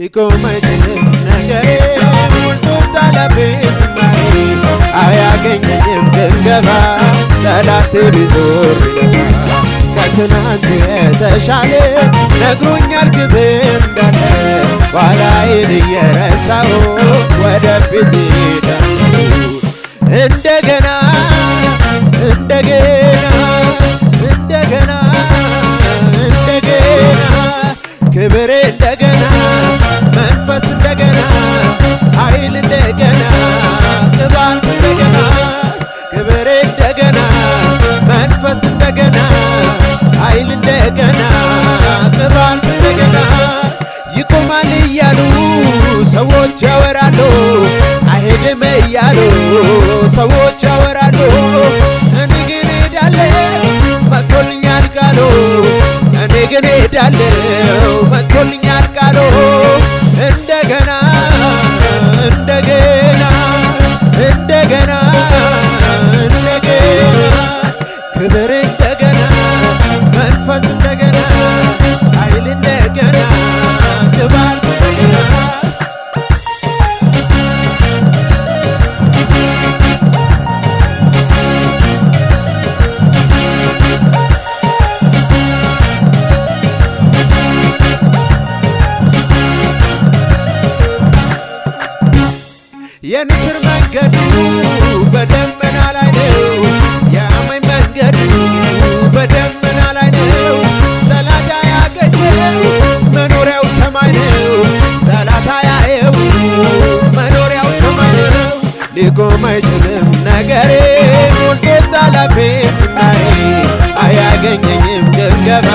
ሊቆም ነገሬ ሁሉ ጠለፌ ዝማሬ አያገኘኝም ግምገባ ጠላት ቢዞር ቢለፋ ከትናንት የተሻለ ነግሮኛል ክብር እንዳለ ኋላዬን እየረሳሁ ወደፊት እንደገና እንደገና እንደገና እንደገና ክብሬ እንደገና ሰዎች ያወራሉ አይሄድም እያሉ ሰዎች ያወራሉ እኔ ግን ሄዳለሁ መቶልኛል ቃሉ እኔ ግን ሄዳለሁ መቶልኛል ቃሉ እንደገና እንደገና እንደገና እንደገና ክብር የንስር መንገዱ በደመና ላይ ነው። የአማኝ መንገዱ በደመና ላይ ነው። ጠላት ያገኘው መኖሪያው ሰማይ ነው። ጠላት ያየው መኖሪያው ሰማይ ነው። ሊቆም አይችልም ነገሬ ውዴት አላፌት አያገኘኝም ግንገባ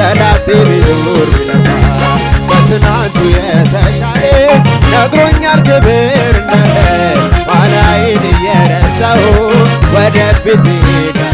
ጠላት ቢኖር ቢለፋ ከትናንቱ የተሻለ ነግሮኛል ክብር had everything